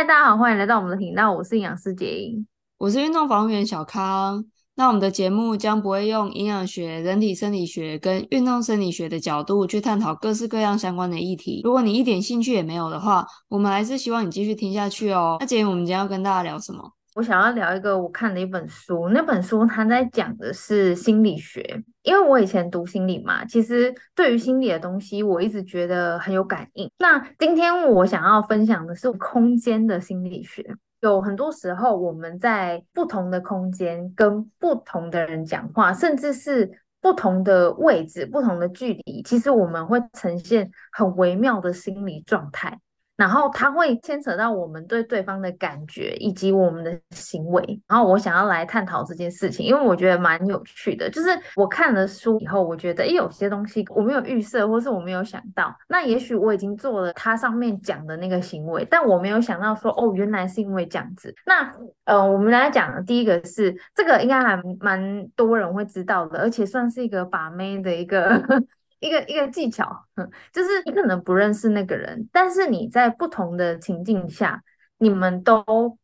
大家好，歡迎來到我們的頻道。我是營養師傑英，我是運動防護員小康。那我們的節目將不會用營養學、人體生理學跟運動生理學的角度去探討各式各樣相關的議題。如果你一點興趣也沒有的話，我們還是希望你繼續聽下去哦。那傑英，我們今天要跟大家聊什麼？我想要聊一個我看的一本書，那本書它在講的是心理學，因為我以前讀心理嘛，其實對於心理的東西，我一直覺得很有感應。那今天我想要分享的是空間的心理學，有很多時候我們在不同的空間跟不同的人講話，甚至是不同的位置、不同的距離，其實我們會呈現很微妙的心理狀態。然後它會牽扯到我們對對方的感覺以及我們的行為。然後我想要來探討這件事情，因為我覺得蠻有趣的。就是我看了書以後，我覺得，哎、欸，有些東西我沒有預設，或是我沒有想到。那也許我已經做了他上面講的那個行為，但我沒有想到說，哦，原來是因為這樣子。那呃，我們來講的第一個是，這個應該還蠻多人會知道的，而且算是一個把妹的一個。 一個一個技巧，嗯，就是你可能不認識那個人，但是你在不同的情境下，你們都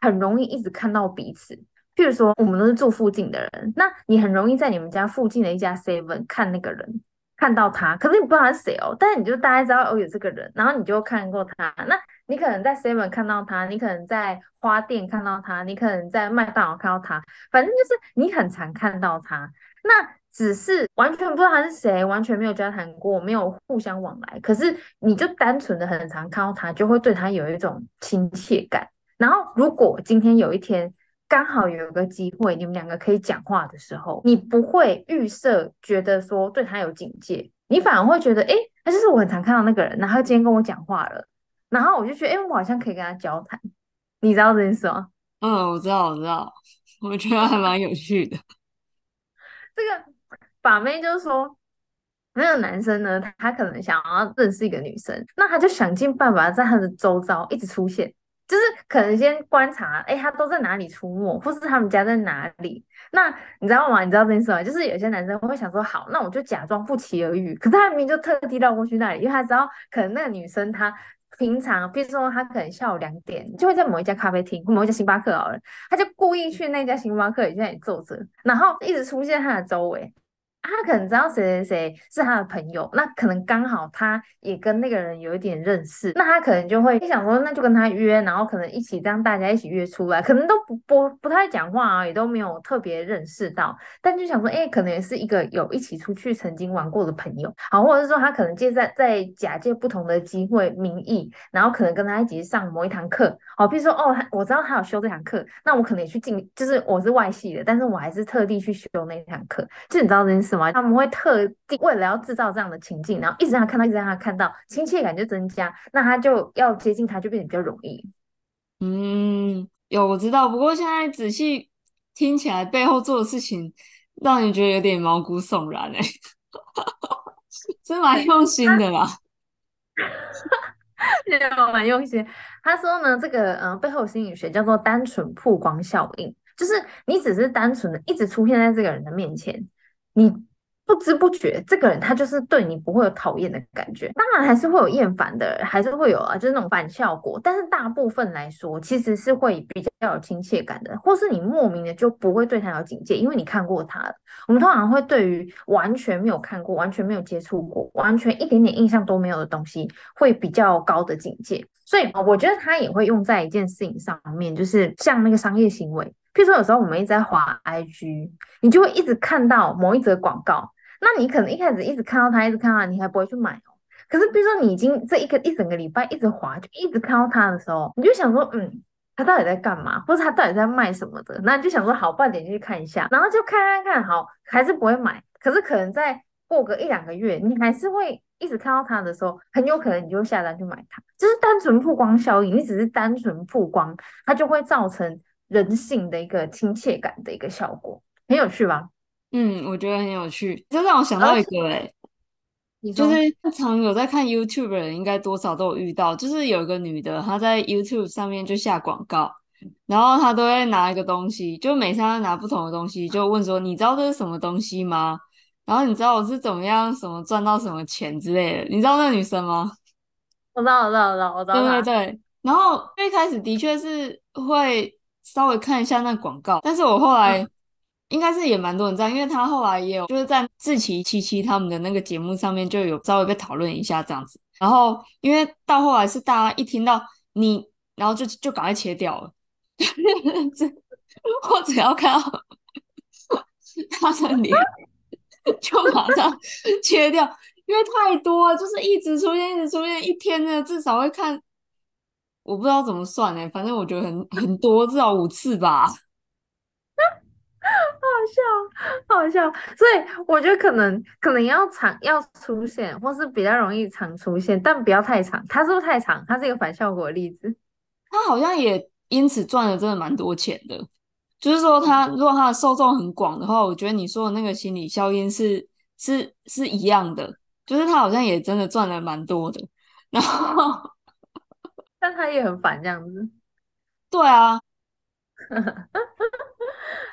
很容易一直看到彼此。譬如說，我們都是住附近的人，那你很容易在你們家附近的一家 Seven 看那個人，看到他，可是你不知道是誰哦。但是你就大概知道哦，有這個人，然後你就看過他。那你可能在 Seven 看到他，你可能在花店看到他，你可能在麥當勞看到他，反正就是你很常看到他。那只是完全不知道他是誰，完全沒有交談過，沒有互相往來。可是你就單純的很常看到他，就會對他有一種親切感。然後如果今天有一天剛好有一個機會，你們兩個可以講話的時候，你不會預設覺得說對他有警戒，你反而會覺得，哎、欸，他就是我很常看到那個人，然後今天跟我講話了，然後我就覺得，哎、欸，我好像可以跟他交談。你知道這件事嗎？嗯，我知道，我知道，我覺得還蠻有趣的， 這個。把妹就是說：“那個男生呢，他可能想要認識一個女生，那他就想盡辦法在他的周遭一直出現，就是可能先觀察，哎、欸，他都在哪裡出沒，或是他們家在哪裡。那你知道嗎？你知道這件事嗎？就是有些男生會想說，好，那我就假裝不期而遇，可是他明明就特地繞過去那裡，因為他知道可能那個女生她平常，比如說她可能下午兩點就會在某一家咖啡廳，某一家星巴克好了，他就故意去那家星巴克就在那裡坐着，然後一直出現他的周圍。”他可能知道誰誰誰是他的朋友，那可能剛好他也跟那個人有一點認識，那他可能就會想說，那就跟他約，然後可能一起讓大家一起約出來，可能都不不不太講話啊，也都沒有特別認識到，但就想說，哎、欸，可能也是一個有一起出去曾經玩過的朋友，好，或者是說他可能接在在假借不同的機會名義，然後可能跟他一起上某一堂課，好，比如說哦他，我知道他有修這堂課，那我可能也去進，就是我是外系的，但是我還是特地去修那一堂課，就你知道這件事。他們會特地為了要制造這樣的情境，然後一直讓他看到，一直讓他看到，親切感就增加，那他就要接近他，就變得比較容易。嗯，有我知道，不過現在仔細聽起來，背後做的事情讓你覺得有點毛骨悚然哎、欸，真 蠻用心的啦，哈哈，蠻用心的。他說呢，這個嗯、呃，背後心理學叫做單純曝光效應，就是你只是單純的一直出現在這個人的面前。你不知不覺，這個人他就是對你不會有討厭的感覺，當然還是會有厭煩的，還是會有啊，就是那種反效果。但是大部分來說，其實是會比較有親切感的，或是你莫名的就不會對他有警戒，因為你看過他了。我們通常會對於完全沒有看過、完全沒有接觸過、完全一點點印象都沒有的東西，會比較高的警戒。所以我覺得他也會用在一件事情上面，就是像那個商業行為。譬如說，有時候我們一直在滑 IG，你就會一直看到某一則廣告。那你可能一開始一直看到它，一直看到它，你還不會去買哦。可是，比如說你已經這一個一整個禮拜一直滑，就一直看到它的時候，你就想說，嗯，它到底在幹嘛？或者它到底在賣什麼的？那你就想說，好，半點進去看一下，然後就看看看，好，還是不會買。可是可能在過個一兩個月，你還是會一直看到它的時候，很有可能你就下單去買它。就是單純曝光效應，你只是單純曝光，它就會造成。人性的一個親切感的一個效果，很有趣嗎？嗯，我覺得很有趣。就讓我想到一個、欸，哎、哦，是你就是常有在看 YouTube 的人，應該多少都有遇到，就是有一個女的，她在 YouTube 上面就下廣告，然後她都會拿一個東西，就每次拿不同的東西，就問說：“你知道這是什麼東西嗎？”然後你知道我是怎麼樣什麼賺到什麼錢之類的，你知道那女生嗎？我知道，我知道，我知道，我知道。對對對。然後最開始的確是會。稍微看一下那廣告，但是我後來應該是也蠻多人在、嗯、因為他後來也有就是在志祺七七他們的那個節目上面就有稍微被討論一下這樣子，然後因為到後來是大家一聽到你，然後就就趕快切掉了，或者 要看到他的臉就馬上切掉，因為太多，就是一直出現，一直出現，一天呢至少會看，我不知道怎麼算，哎、欸，反正我覺得很很多，至少五次吧。 好笑，好笑，所以我覺得可能可能要常要出現，或是比較容易常出現，但不要太長。它是不是太長？它是一個反效果的例子。它好像也因此賺了真的蠻多錢的。就是說，它如果它的受眾很廣的話，我覺得你說的那個心理效應是是是一樣的。就是它好像也真的賺了蠻多的，然後。但他也很煩這樣子，對啊。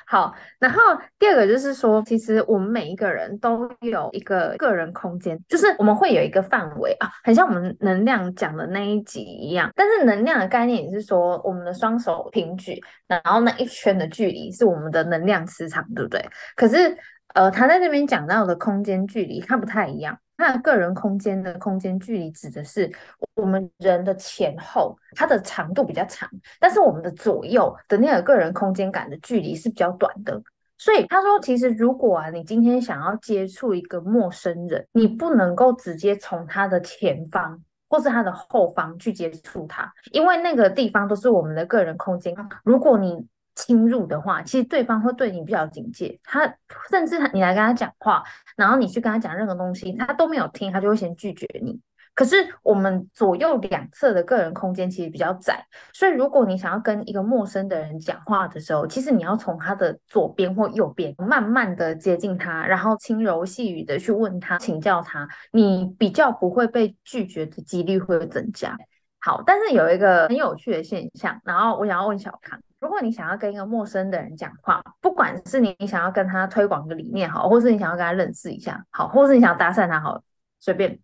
好，然後第二個就是說，其實我們每一個人都有一個個人空間，就是我們會有一個範圍啊，很像我們能量講的那一集一樣。但是能量的概念也是說，我們的雙手平舉，然後那一圈的距離是我們的能量磁場，對不對？可是，呃，他在那邊講到的空間距離，他不太一樣。他的個人空間的空間距離指的是我們人的前後，它的長度比較長，但是我們的左右的那個個人空間感的距離是比較短的。所以他說，其實如果啊，你今天想要接觸一個陌生人，你不能夠直接從他的前方或是他的後方去接觸他，因為那個地方都是我們的個人空間。如果你侵入的話，其實對方會對你比較警戒。他甚至你來跟他講話，然後你去跟他講任何東西，他都沒有聽，他就會先拒絕你。可是我們左右兩側的個人空間其實比較窄，所以如果你想要跟一個陌生的人講話的時候，其實你要從他的左邊或右邊慢慢的接近他，然後輕柔細語的去問他，請教他，你比較不會被拒絕的幾率會增加。好，但是有一個很有趣的現象，然後我想要問小康。如果你想要跟一個陌生的人講話，不管是你想要跟他推廣個理念好，或是你想要跟他認識一下好，或是你想要搭訕他好，隨便。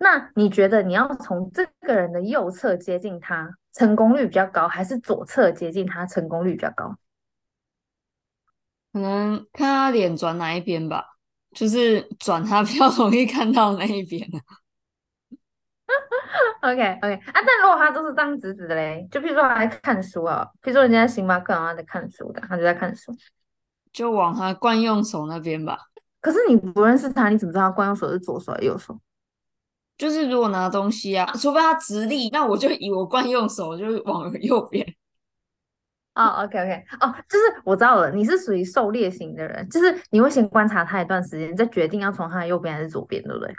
那你覺得你要從這個人的右側接近他，成功率比較高，還是左側接近他成功率比較高？可能看他臉轉哪一邊吧，就是轉他比較容易看到那一邊啊。 OK OK 啊，但如果他都是這樣子子的嘞，就比如說他在看書啊，比如說人家星巴克，然後他在看書的，他就在看書，就往他慣用手那邊吧。可是你不認識他，你怎麼知道他慣用手是左手還是右手？就是如果拿東西啊，除非他直立，那我就以我慣用手我就往右邊。哦、 oh, OK OK 哦、oh,，就是我知道了，你是屬於狩獵型的人，就是你會先觀察他一段時間，你再決定要從他的右邊還是左邊，對不對？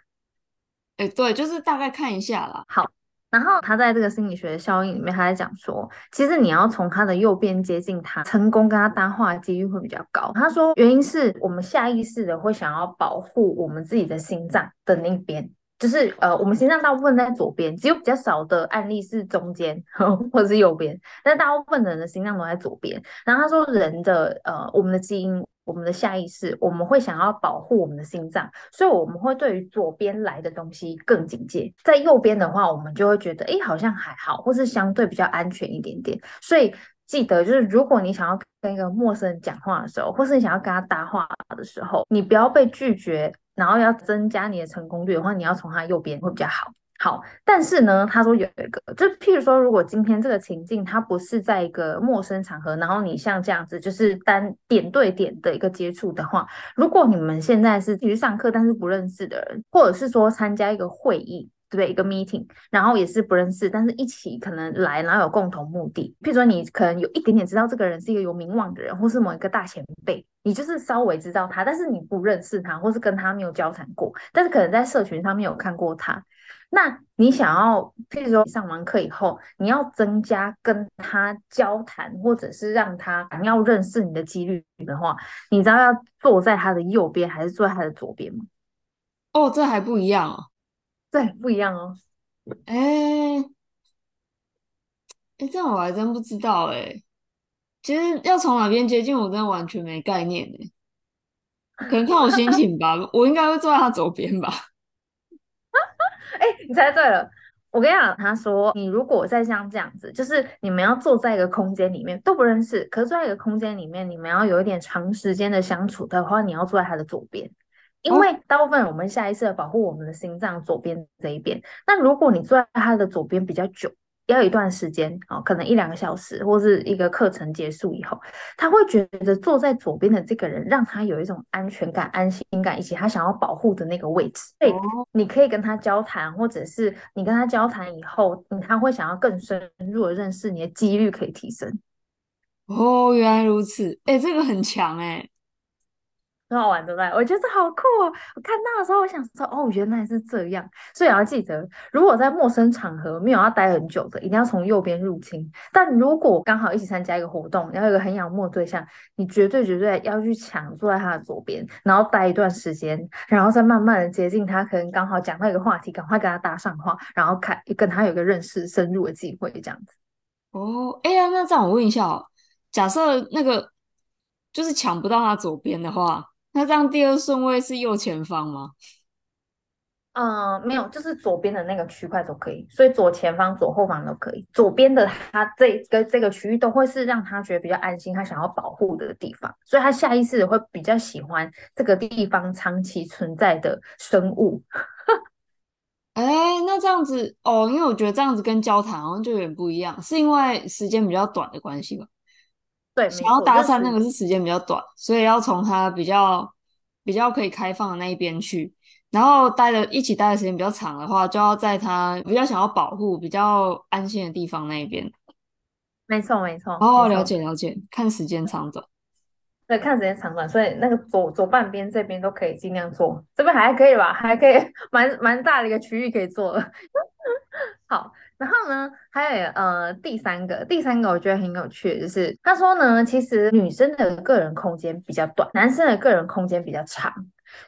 哎、欸，對，就是大概看一下啦。好，然後他在這個心理學的效應裡面，他在講說，其實你要從他的右邊接近他，成功跟他搭話的幾率會比較高。他說，原因是我們下意識的會想要保護我們自己的心臟的那邊，就是呃，我們心臟大部分在左邊，只有比較少的案例是中間呵或者是右邊，但大部分人的心臟都在左邊。然後他說，人的呃，我們的基因。我們的下意識，我們會想要保護我們的心臟，所以我們會對於左邊來的東西更警戒。在右邊的話，我們就會覺得，哎，好像還好，或是相對比較安全一點點。所以記得，就是如果你想要跟一個陌生人講話的時候，或是你想要跟他搭話的時候，你不要被拒絕，然後要增加你的成功率的話，你要從他右邊會比較好。好，但是呢，他說有一個，就譬如說，如果今天這個情境，他不是在一個陌生場合，然後你像這樣子，就是單點對點的一個接觸的話，如果你們現在是繼續上課，但是不認識的人，或者是說參加一個會議，對不對？一個 meeting，然後也是不認識，但是一起可能來，然後有共同目的。譬如說，你可能有一點點知道這個人是一個有名望的人，或是某一個大前輩，你就是稍微知道他，但是你不認識他，或是跟他沒有交談過，但是可能在社群上面有看過他。那你想要，譬如說上完課以後，你要增加跟他交談，或者是讓他想要認識你的幾率的話，你知道要坐在他的右邊還是坐在他的左邊嗎？哦，這還不一樣哦。對，不一樣哦。哎、欸，哎、欸，這樣我還真不知道哎。其實要從哪邊接近，我真的完全沒概念哎。可能看我心情吧， 我應該會坐在他左邊吧。哎、欸，你猜對了。我跟你講，他說，你如果在像這樣子，就是你們要坐在一個空間裡面都不認識，可是坐在一個空間裡面，你們要有一點長時間的相處的話，你要坐在他的左邊，因為大部分我們下意識的保護我們的心臟左邊這一邊。那、哦、如果你坐在他的左邊比較久，要有一段時間哦，可能一兩個小時，或是一個課程結束以後，他會覺得坐在左邊的這個人讓他有一種安全感、安心感，以及他想要保護的那個位置。所以你可以跟他交談，或者是你跟他交談以後，他會想要更深入的認識你的幾率可以提升。哦，原來如此。欸，這個很強欸。好玩的我覺得好酷哦！我看到的時候，我想說：“哦，原來是這樣。”所以要記得，如果在陌生場合沒有要待很久的，一定要從右邊入侵。但如果剛好一起參加一個活動，然後有個很仰慕的對象，你絕對絕對要去搶坐在他的左邊，然後待一段時間，然後再慢慢的接近他。可能剛好講到一個話題，趕快跟他搭上話，然後開跟他有個認識深入的機會，這樣子。哦，哎呀，那這樣我問一下哦，假設那個就是搶不到他左邊的話。那這樣第二順位是右前方嗎？嗯、呃，沒有，就是左邊的那個區塊都可以，所以左前方、左後方都可以。左邊的他這個這個區域都會是讓他覺得比較安心，他想要保護的地方，所以他下意識會比較喜歡這個地方長期存在的生物。哎、 欸，那這樣子哦，因為我覺得這樣子跟交談好像就有點不一樣，是因為時間比較短的關係吧？對，想要搭訕那個是時間比較短。是所以要從他比較比較可以開放的那一邊去，然後待的一起待的時間比較長的話，就要在他比較想要保護、比較安心的地方那一邊。沒錯，沒錯。哦後，錯了解，了解。看時間長短，對，看時間長短，所以那個左左半邊這邊都可以盡量坐，這邊還可以吧，還可以，蠻蠻大的一個區域可以坐了。 好。然後呢，還有呃，第三個，第三個我覺得很有趣，就是他說呢，其實女生的個人空間比較短，男生的個人空間比較長，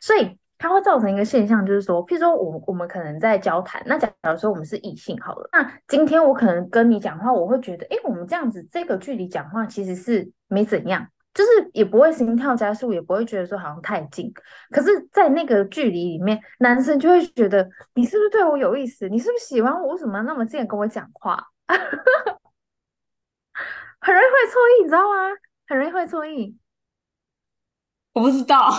所以它會造成一個現象，就是說，譬如說我我們可能在交談，那假如說我們是異性好了，那今天我可能跟你講話，我會覺得，誒，我們這樣子這個距離講話其實是沒怎樣。就是也不會心跳加速，也不會覺得說好像太近。可是，在那個距離裡面，男生就會覺得你是不是對我有意思？你是不是喜歡我？為什麼那麼近跟我講話？ 很容易會錯意，你知道嗎？很容易會錯意。我不知道。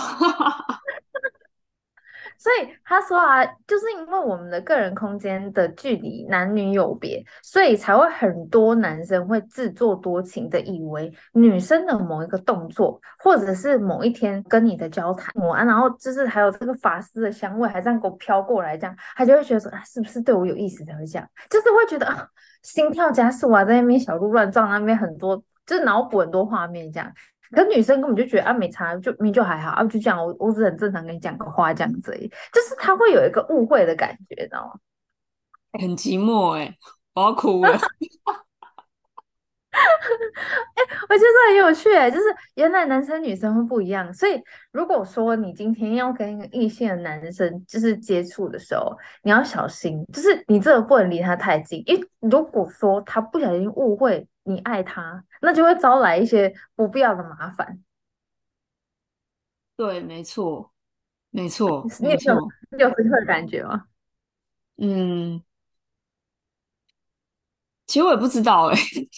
所以他說啊，就是因為我們的個人空間的距離男女有別，所以才會很多男生會自作多情的以為女生的某一個動作，或者是某一天跟你的交談，啊，然後就是還有這個髮絲的香味，還這樣給我飄過來，這樣他就會覺得說，啊，是不是對我有意思才會這樣？就是會覺得啊，心跳加速啊，在那邊小鹿亂撞，那邊很多，就是腦補很多畫面這樣。可女生根本就覺得啊，沒差，就就還好啊，就這樣，我我只是很正常跟你講個話這樣子而已，就是他會有一個誤會的感覺，知道嗎？欸、很寂寞哎、欸，好苦哭、欸、哎、 欸，我覺得這很有趣哎、欸，就是原來男生女生會不一樣，所以如果說你今天要跟一個異性的男生就是接觸的時候，你要小心，就是你這個不能離他太近，因為如果說他不小心誤會你愛他。那就會招來一些不必要的麻煩。對，沒錯，沒錯。你也有錯你也有這個感覺嗎？嗯，其實我也不知道哎、欸，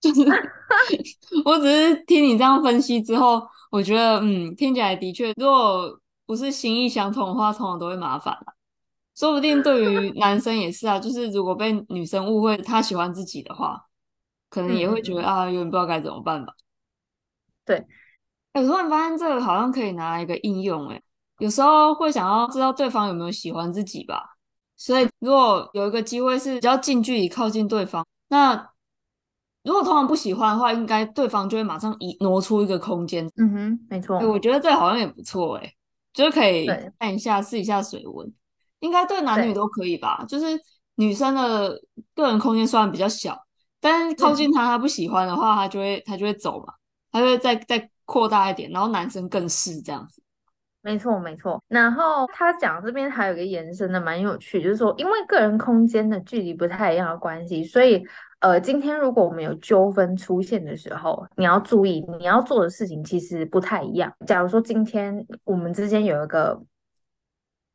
就是 我只是聽你這樣分析之後，我覺得嗯，聽起來的確，如果不是心意相通的話，通常，常都會麻煩了。說不定對於男生也是啊， 就是如果被女生誤會他喜歡自己的話。可能也會覺得啊，有點、嗯嗯嗯、不知道該怎麼辦吧。對，哎、欸，我突然發現這個好像可以拿一個應用、欸。哎，有時候會想要知道對方有沒有喜歡自己吧。所以，如果有一個機會是比較近距離靠近對方，那如果通常不喜歡的話，應該對方就會馬上移挪出一個空間。嗯哼，沒錯、欸。我覺得這個好像也不錯。哎，就是可以看一下試對一下水溫，應該對男女都可以吧。對就是女生的個人空間雖然比較小，但是靠近他，他不喜歡的話，他就會他就會走嘛，他就會再再擴大一點，然後男生更是這樣子。沒錯沒錯。然後他講這邊還有一個延伸的蠻有趣，就是說因為個人空間的距離不太一樣的關係，所以呃，今天如果我們有糾紛出現的時候，你要注意，你要做的事情其實不太一樣。假如說今天我們之間有一個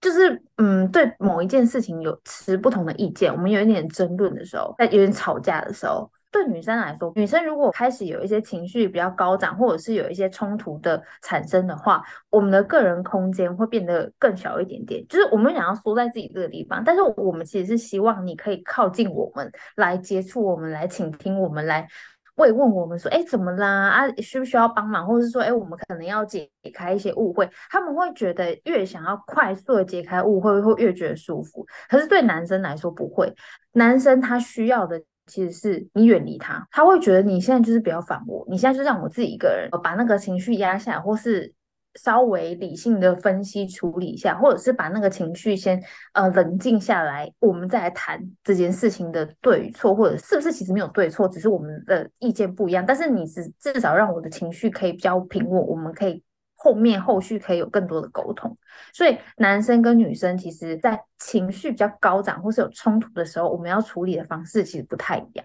就是，嗯，對某一件事情有持不同的意見，我們有一點爭論的時候，在有點吵架的時候，對女生來說，女生如果開始有一些情緒比較高漲，或者是有一些衝突的產生的話，我們的個人空間會變得更小一點點，就是我們想要縮在自己這個地方，但是我們其實是希望你可以靠近我們，來接觸我們，來傾聽我們，來。會問我們說，哎，怎麼啦？啊，需不需要幫忙？或者是說，哎，我們可能要解開一些誤會。他們會覺得越想要快速的解開誤會，會越覺得舒服。可是對男生來說不會，男生他需要的其實是你遠離他，他會覺得你現在就是不要反駁，你現在就讓我自己一個人把那個情緒壓下來，或是。稍微理性的分析處理一下，或者是把那個情緒先呃冷靜下來，我們再來談這件事情的對與錯，或者是不是其實沒有對錯，只是我們的意見不一樣。但是你只至少讓我的情緒可以比較平穩，我們可以後面後續可以有更多的溝通。所以男生跟女生其實在情緒比較高漲或是有衝突的時候，我們要處理的方式其實不太一樣。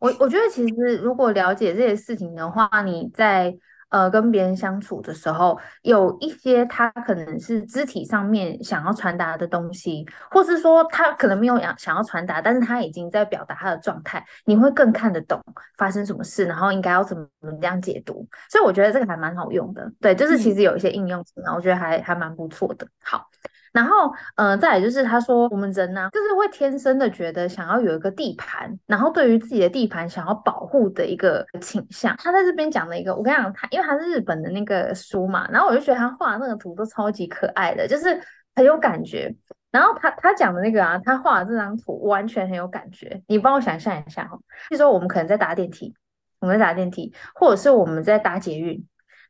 我我覺得其實如果了解這些事情的話，你在。呃，跟別人相處的時候，有一些他可能是肢體上面想要傳達的東西，或是說他可能沒有想要傳達，但是他已經在表達他的狀態，你會更看得懂發生什麼事，然後應該要怎麼樣解讀。所以我覺得這個還蠻好用的，對，就是其實有一些應用性，嗯、然後我覺得還還蠻不錯的。好。然後，嗯、呃，再來就是他說我們人呢、啊，就是會天生的覺得想要有一個地盤，然後對於自己的地盤想要保護的一個傾向。他在這邊講了一個，我跟你講，他因為他是日本的那個書嘛，然後我就覺得他畫的那個圖都超級可愛的，就是很有感覺。然後他他講的那個啊，他畫的這張圖完全很有感覺。你幫我想象一下哈、哦，比如說，我們可能在搭電梯，我們在搭電梯，或者是我們在搭捷運。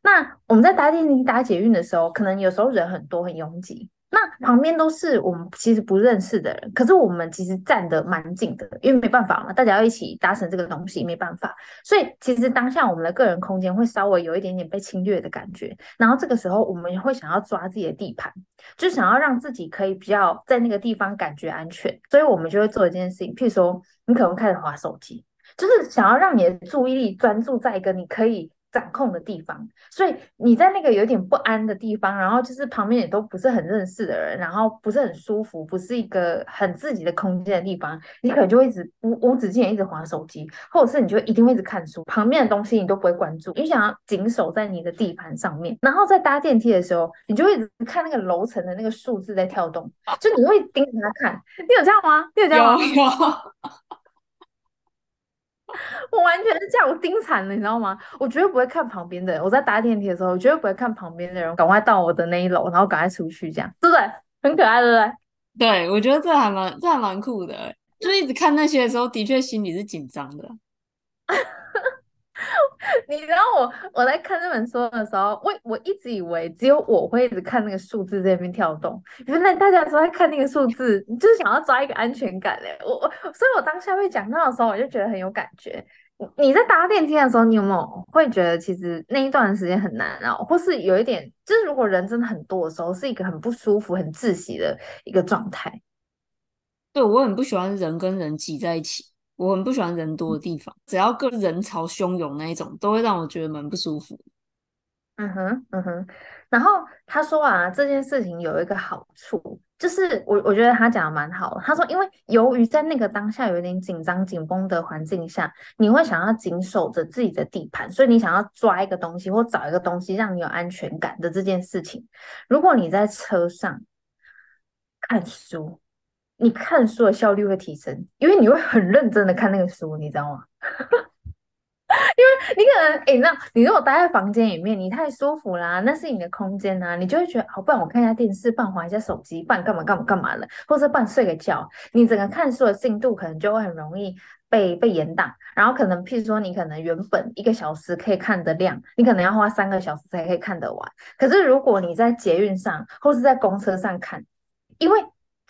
那我們在搭電梯、搭捷運的時候，可能有時候人很多，很擁擠。那旁邊都是我們其實不認識的人，可是我們其實站得蠻近的，因為沒辦法嘛，大家要一起搭乘這個東西，沒辦法。所以其實當下我們的個人空間會稍微有一點點被侵略的感覺，然後這個時候我們會想要抓自己的地盤，就想要讓自己可以比較在那個地方感覺安全，所以我們就會做一件事情，譬如說，你可能開始滑手機，就是想要讓你的注意力專注在一個你可以，掌控的地方，所以你在那個有點不安的地方，然後就是旁邊也都不是很認識的人，然後不是很舒服，不是一個很自己的空間的地方，你可能就會一直無無止境的一直滑手機，或者是你就一定會一直看書，旁邊的東西你都不會關注，你想要緊守在你的地盤上面。然後在搭電梯的時候，你就會一直看那個樓層的那個數字在跳動，就你會盯着它看。你有這樣嗎？你有這樣嗎？ 我完全是叫我盯慘了，你知道嗎？我絕對不會看旁邊的人。我在搭電梯的時候，我絕對不會看旁邊的人，趕快到我的那一樓，然後趕快出去，這樣，對不對？很可愛的，對不對？對，我覺得這還蠻這還蠻酷的，就一直看那些的時候，的確心裡是緊張的。 你知道我我在看這本書的時候，我我一直以為只有我會一直看那個數字在那邊跳動，原來大家都在看那個數字，你就是想要抓一個安全感誒、欸，我我，所以我當下會講到的時候，我就覺得很有感覺。你在搭電梯的時候，你有沒有會覺得其實那一段時間很難啊？或是有一點，就是如果人真的很多的時候，是一個很不舒服、很窒息的一個狀態。對，我很不喜歡人跟人擠在一起。我很不喜歡人多的地方，只要個人潮洶湧那一種，都會讓我覺得蠻不舒服。嗯哼，嗯哼。然後他說啊，這件事情有一個好處，就是我我覺得他講的蠻好的。他說，因為由於在那個當下有點緊張緊繃的環境下，你會想要謹守着自己的地盤，所以你想要抓一個東西或找一個東西讓你有安全感的這件事情，如果你在車上看書。你看書的效率會提升，因為你會很認真的看那個書，你知道嗎？ 因為你可能誒、欸，那你如果待在房間裡面，你太舒服啦，那是你的空間吶、啊，你就會覺得，好、哦，不然我看一下電視，半玩一下手機，半幹嘛幹嘛幹嘛了，或者半睡個覺，你整個看書的進度可能就會很容易被被延檔，然後可能譬如說，你可能原本一個小時可以看的量，你可能要花三個小時才可以看得完。可是如果你在捷運上或是在公車上看，因為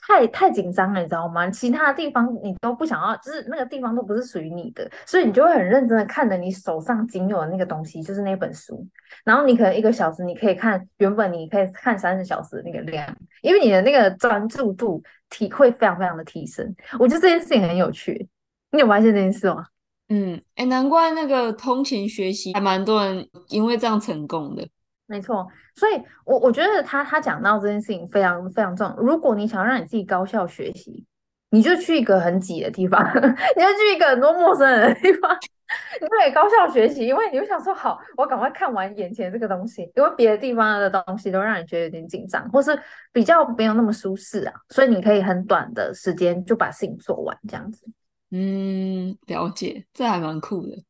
太太緊張了，你知道嗎？其他的地方你都不想要，就是那個地方都不是屬於你的，所以你就會很認真的看着你手上僅有的那個東西，就是那本書。然後你可能一個小時，你可以看原本你可以看三十小時的那個量，因為你的那個專注度體會非常非常的提升。我覺得這件事情很有趣，你有發現這件事嗎？嗯，哎、欸，難怪那個通勤學習還蠻多人因為這樣成功的。沒錯，所以我，我我覺得他他講到這件事情非常非常重要。如果你想讓你自己高效學習，你就去一個很擠的地方， 你就去一個很多陌生人的地方， 你可以高效學習，因為你就想說，好，我趕快看完眼前這個東西，因為別的地方的東西都讓你覺得有點緊張，或是比較沒有那麼舒適啊，所以你可以很短的時間就把事情做完，這樣子。嗯，了解，這還蠻酷的。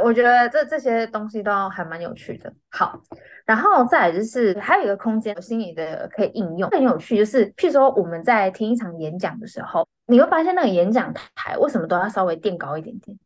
我覺得這這些東西都還蠻有趣的。好，然後再來就是還有一個空間心理學可以應用，很有趣。就是譬如說我們在聽一場演講的時候，你會發現那個演講台為什麼都要稍微墊高一點點？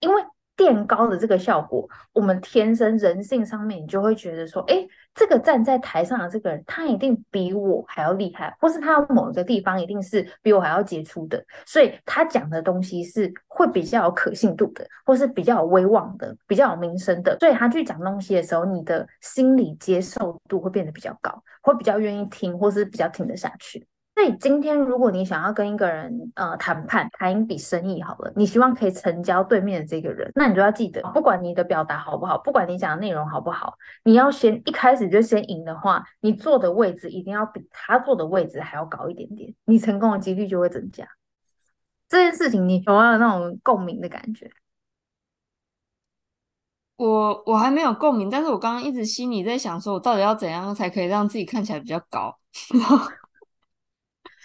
因為墊高的這個效果，我們天生人性上面，你就會覺得說，哎，這個站在台上的這個人，他一定比我還要厲害，或是他某一個地方一定是比我還要傑出的，所以他講的東西是會比較有可信度的，或是比較有威望的，比較有名聲的，所以他去講東西的時候，你的心理接受度會變得比較高，會比較願意聽，或是比較聽得下去。所以今天，如果你想要跟一個人呃談判談一筆生意好了，你希望可以成交對面的這個人，那你就要記得，不管你的表達好不好，不管你講的內容好不好，你要先一開始就先贏的話，你坐的位置一定要比他坐的位置還要高一點點，你成功的幾率就會增加。這件事情，你有沒有那種共鳴的感覺？我我還沒有共鳴，但是我剛剛一直心裡在想，說我到底要怎樣才可以讓自己看起來比較高。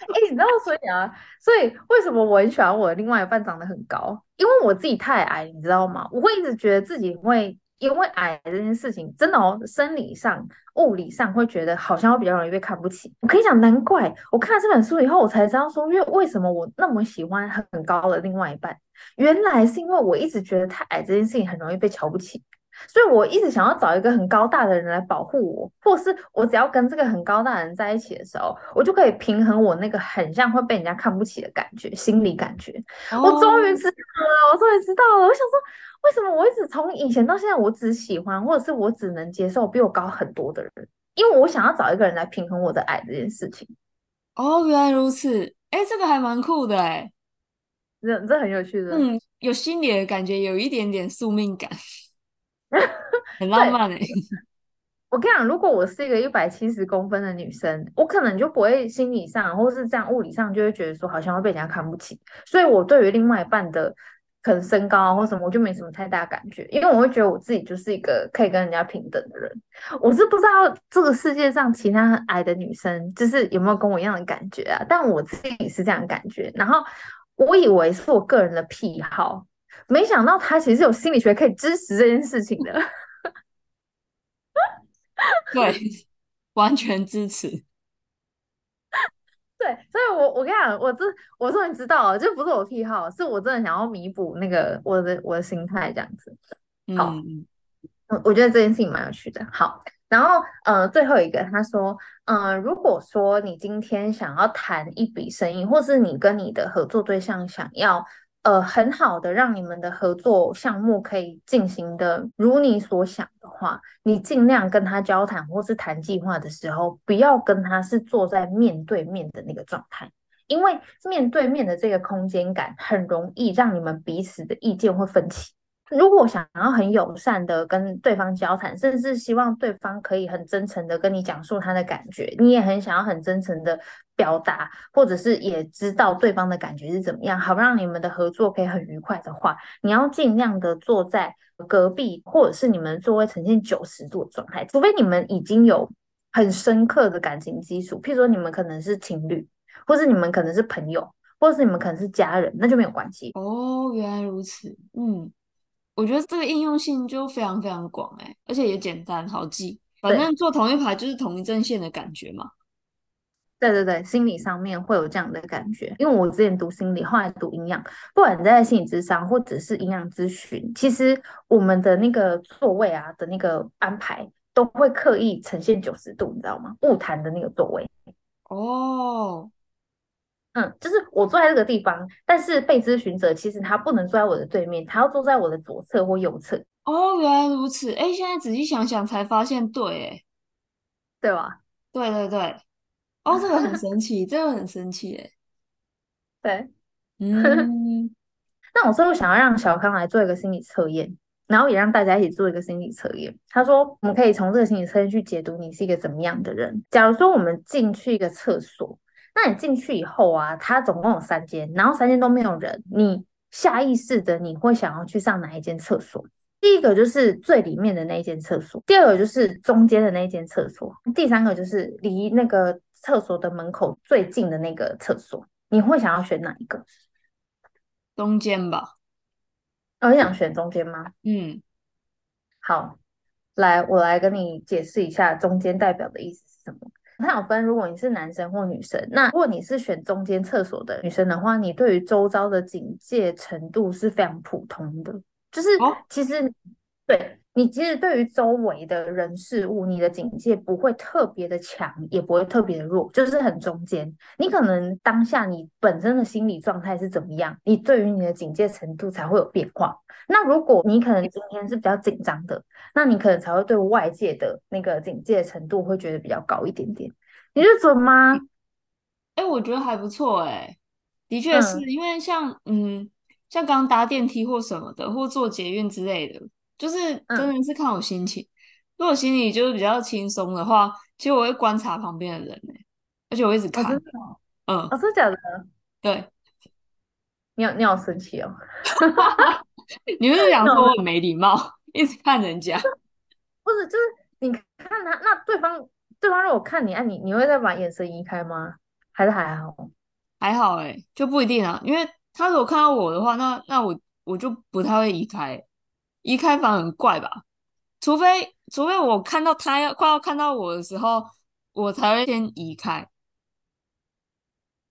哎、 欸，你知道所以啊，所以為什麼我很喜歡我的另外一半長得很高？因為我自己太矮，你知道嗎？我會一直覺得自己會因為矮這件事情，真的哦，生理上、物理上會覺得好像會比較容易被看不起。我可以講，難怪我看了這本書以後，我才知道說，因為為什麼我那麼喜歡很高的另外一半，原來是因為我一直覺得太矮這件事情很容易被瞧不起。所以我一直想要找一個很高大的人來保護我，或是我只要跟這個很高大的人在一起的時候，我就可以平衡我那個很像會被人家看不起的感覺，心理感覺。哦，我終於知道了，我終於知道了。我想說，為什麼我一直從以前到現在，我只喜歡，或者是我只能接受比我高很多的人？因為我想要找一個人來平衡我的矮這件事情。哦，原來如此，哎，這個還蠻酷的。哎，這這很有趣的，嗯，有心理的感覺，有一點點宿命感。 對很浪漫誒！我跟你講，如果我是一個一百七十公分的女生，我可能就不會心理上或是這樣物理上就會覺得說好像會被人家看不起。所以，我對於另外一半的可能身高啊或什麼，我就沒什麼太大感覺，因為我會覺得我自己就是一個可以跟人家平等的人。我是不知道這個世界上其他很矮的女生，就是有沒有跟我一樣的感覺啊？但我自己是這樣感覺，然後我以為是我個人的癖好。沒想到他其實是有心理學可以支持這件事情的， 對，完全支持， 對，所以我我跟你講，我這我說你知道了，這不是我癖好，是我真的想要彌補那個我的我的，我的心態這樣子。好，我、嗯、我覺得這件事情蠻有趣的。好，然後呃最後一個他說，嗯、呃，如果說你今天想要談一筆生意，或是你跟你的合作對象想要。呃，很好的讓你們的合作項目可以進行的，如你所想的話，你儘量跟他交談或是談計劃的時候，不要跟他是坐在面對面的那個狀態，因為面對面的這個空間感很容易讓你們彼此的意見會分歧。如果想要很友善的跟對方交談，甚至希望對方可以很真誠的跟你講述他的感覺，你也很想要很真誠的表達，或者是也知道對方的感覺是怎麼樣，好讓你們的合作可以很愉快的話，你要盡量的坐在隔壁，或者是你們座位呈現九十度的狀態，除非你們已經有很深刻的感情基礎，譬如說你們可能是情侶，或是你們可能是朋友，或是你們可能是家人，那就沒有關係。哦，原來如此，嗯。我覺得這個應用性就非常非常廣哎、欸，而且也簡單好記。反正坐同一排就是同一陣線的感覺嘛。對對對，心理上面會有這樣的感覺。因為我之前讀心理，後來讀營養，不管在心理諮商或者是營養諮詢，其實我們的那個座位啊的那個安排都會刻意呈現九十度，你知道嗎？晤談的那個座位。哦。Oh. 就是我坐在這個地方，但是被諮詢者其實他不能坐在我的對面，他要坐在我的左側或右側。哦，原來如此。哎，現在仔細想想才發現對，哎，對吧？對對對。哦，這個很神奇， 這個很神奇，哎，對。嗯。 那我最後想要讓小康來做一個心理測驗，然後也讓大家一起做一個心理測驗。他說，我們可以從這個心理測驗去解讀你是一個怎麼樣的人。假如說我們進去一個廁所。那你進去以後啊，它總共有三間，然後三間都沒有人。你下意識的，你會想要去上哪一間廁所？第一個就是最裡面的那一間廁所，第二個就是中間的那一間廁所，第三個就是離那個廁所的門口最近的那個廁所。你會想要選哪一個？中間吧。哦，你想選中間嗎？嗯，好，來，我來跟你解釋一下中間代表的意思是什麼。它有分，如果你是男生或女生，那如果你是選中間廁所的女生的話，你對於周遭的警戒程度是非常普通的，就是、哦、其實對。你其實對於周圍的人事物，你的警戒不會特別的強，也不會特別的弱，就是很中間。你可能當下你本身的心理狀態是怎麼樣，你對於你的警戒程度才會有變化。那如果你可能今天是比較緊張的，那你可能才會對外界的那個警戒程度會覺得比較高一點點。你說準嗎？哎、欸，我覺得還不錯哎、欸，的確是、嗯、因為像嗯，像剛搭電梯或什麼的，或坐捷運之類的。就是真的是看我心情、嗯，如果心裡就是比較輕鬆的話，其實我會觀察旁邊的人呢、欸，而且我一直看，哦、嗯，啊、哦，是真的假的？對，你你好生氣哦，哈哈哈你哈！是想說我沒禮貌，一直看人家？不是，就是你看他，那對方對方如果看你，哎，你你會再把眼神移開嗎？還是還好？還好哎、欸，就不一定啊，因為他如果看到我的話，那那我我就不太會移開。移開房很怪吧？除非除非我看到他要快要看到我的時候，我才會先移開。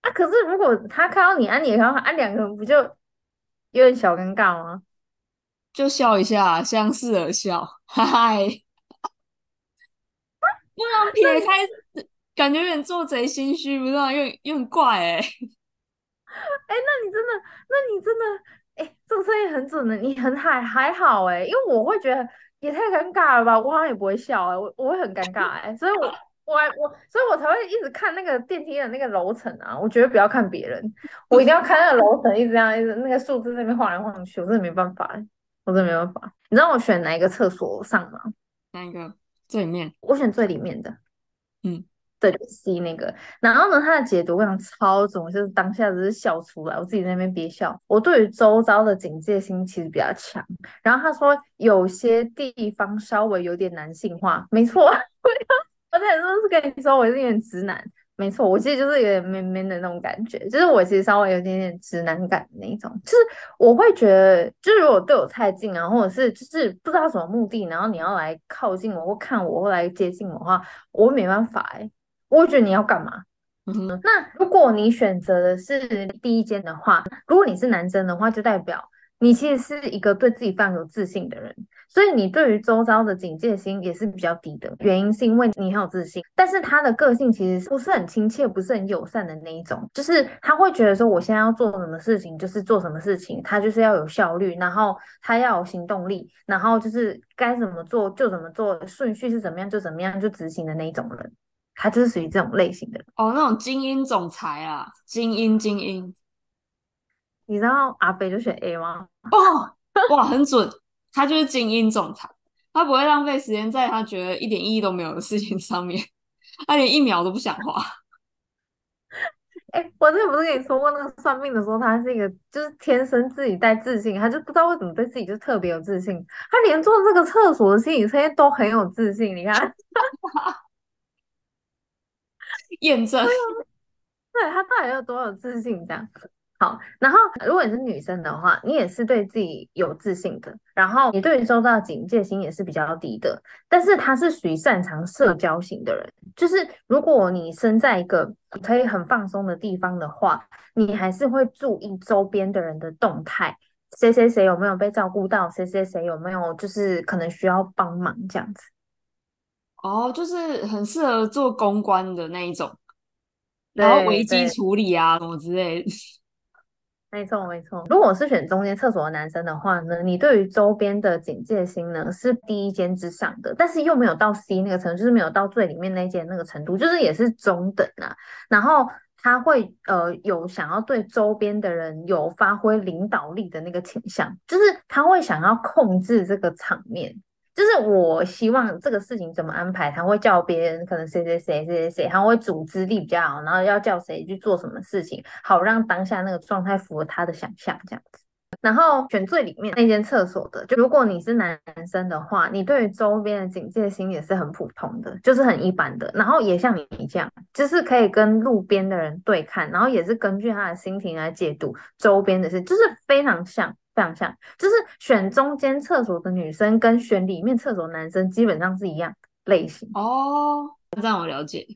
啊，可是如果他看到你按你的，的話按兩個人不就有點小尷尬嗎？就笑一下，相視而笑，嗨、 啊，不能撇開，你感覺有點做賊心虛，不知道又又很怪哎、欸，哎、欸，那你真的，那你真的。這個聲音很準的，你很還還好哎，因為我會覺得也太尷尬了吧，我好像也不會笑哎，我我會很尷尬哎，所以我我還我，所以我才會一直看那個電梯的那個樓層啊，我覺得不要看別人，我一定要看那個樓層，一直這樣一直那個數字在那邊晃來晃去，我真的沒辦法，我真的沒辦法，你知道我選哪一個廁所上嗎？哪一個？那個最裡面？我選最裡面的，嗯。對，C 那個，然後呢，他的解讀我想超準，就是當下只是笑出來，我自己在那邊憋笑。我對於周遭的警戒心其實比較強。然後他說有些地方稍微有點男性化，沒錯。啊、我在說是跟你說，我有一點直男，沒錯。我其實就是有點 man man 的那種感覺，就是我其實稍微有點點直男感的那種，就是我會覺得，就是如果對我太近啊，或者是就是不知道什麼目的，然後你要來靠近我或看我或來接近我的話，我沒辦法哎、欸。我覺得你要幹嘛？嗯哼，那如果你選擇的是第一間的話，如果你是男生的話，就代表你其實是一個對自己非常有自信的人，所以你對於周遭的警戒心也是比較低的，原因是因為你很有自信，但是他的個性其實不是很親切，不是很友善的那一種，就是他會覺得說，我現在要做什麼事情就是做什麼事情，他就是要有效率，然後他要有行動力，然後就是該怎麼做就怎麼做，順序是怎麼樣就怎麼樣就執行的那一種人。他就是屬於這種類型的哦，那種精英總裁啊，精英精英。你知道阿北就選 A 嗎？哦，哇，很準！ 他就是精英總裁，他不會浪費時間在他覺得一點意義都沒有的事情上面，他連一秒都不想花。哎、欸，我這不是跟你說過，那個算命的說他是一個就是天生自己帶自信，他就不知道為什麼對自己就特別有自信，他連做這個廁所的事情都很有自信。你看。 驗證眼、哎，對，他到底有多有自信？這樣子。好。然後，如果你是女生的話，你也是對自己有自信的。然後，你對於周遭警戒心，也是比較低的。但是，他是屬於擅長社交型的人。就是，如果你身在一個可以很放鬆的地方的話，你還是會注意周邊的人的動態：誰誰誰有沒有被照顧到？誰誰誰有沒有就是可能需要幫忙，這樣子。哦，oh, 就是很適合做公關的那一種，對然後危機處理啊，什麼之類的。沒錯，沒錯。如果是選中間廁所的男生的話呢，你對於周邊的警戒心呢是第一間之上的，但是又沒有到 C 那個程度，就是沒有到最裡面那一間那個程度，就是也是中等啊。然後他會呃有想要對周邊的人有發揮領導力的那個傾向，就是他會想要控制這個場面。就是我希望這個事情怎麼安排，他會叫別人，可能誰誰誰誰誰誰，他會組織力比較好，然後要叫誰去做什麼事情，好讓當下那個狀態符合他的想象這樣子。然後選最裡面那間廁所的，就如果你是男生的話，你對於周邊的警戒心也是很普通的，就是很一般的。然後也像你這樣，就是可以跟路邊的人對看，然後也是根據他的心情來解讀周邊的事，就是非常像。非常像，就是選中間廁所的女生跟選裡面廁所的男生基本上是一樣類型哦。這樣我了解。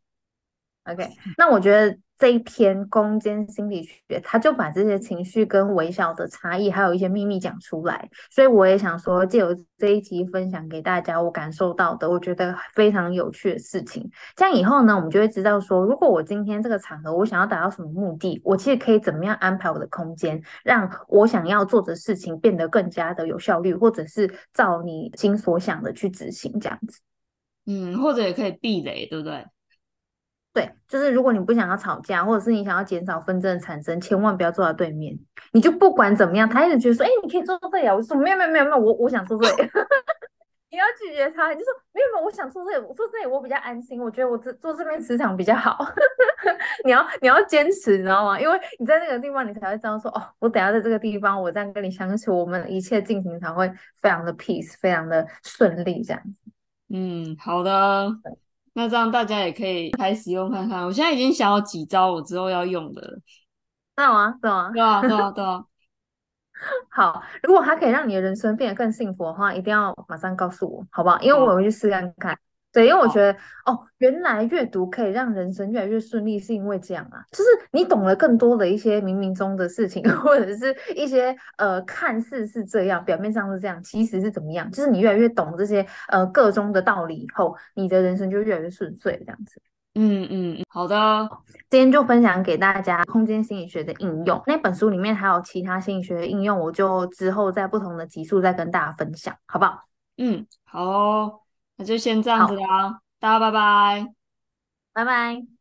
OK， 那我覺得。這一篇空間心理學，他就把這些情緒跟微小的差異，還有一些秘密講出來。所以我也想說，借由這一集分享給大家，我感受到的，我覺得非常有趣的事情。這樣以後呢，我們就會知道說，如果我今天這個場合，我想要達到什麼目的，我其實可以怎麼樣安排我的空間，讓我想要做的事情變得更加的有效率，或者是照你心所想的去執行，這樣子。嗯，或者也可以避雷，對不對？對，就是如果你不想要吵架，或者是你想要減少紛爭的產生，千萬不要坐在對面。你就不管怎麼樣，他一直覺得說：“哎、欸，你可以坐這裡啊！”我說：“沒有沒有沒有沒有，我我想坐這裡。 ”你要拒絕他，你就說：“沒有沒有，我想坐這裡，我坐這裡我比較安心。我覺得我這坐這邊磁場比較好。 ”你要你要堅持，你知道嗎？因為你在那個地方，你才會知道說：“哦，我等下在這個地方，我這樣跟你相處，我們一切進行才會非常的 peace，非常的順利這樣。”嗯，好的。那這樣大家也可以開始用看看，我現在已經想要幾招我之後要用的，什 啊，什麼？對啊對啊對啊！ 好，如果還可以讓你的人生變得更幸福的話，一定要馬上告訴我，好不好？因為我回去試看看。嗯所以我覺得哦，哦，原來閱讀可以讓人生越來越順利，是因為這樣啊，就是你懂了更多的一些冥冥中的事情，或者是一些呃，看似是這樣，表面上是這樣，其實是怎麼樣？就是你越來越懂這些呃個中的道理以後，你的人生就越來越順遂，這樣子。嗯嗯，好的啊，今天就分享給大家空間心理學的應用。那本書裡面還有其他心理學的應用，我就之後在不同的集數再跟大家分享，好不好？嗯，好哦。那就先這樣子啦，好大家拜拜，拜拜。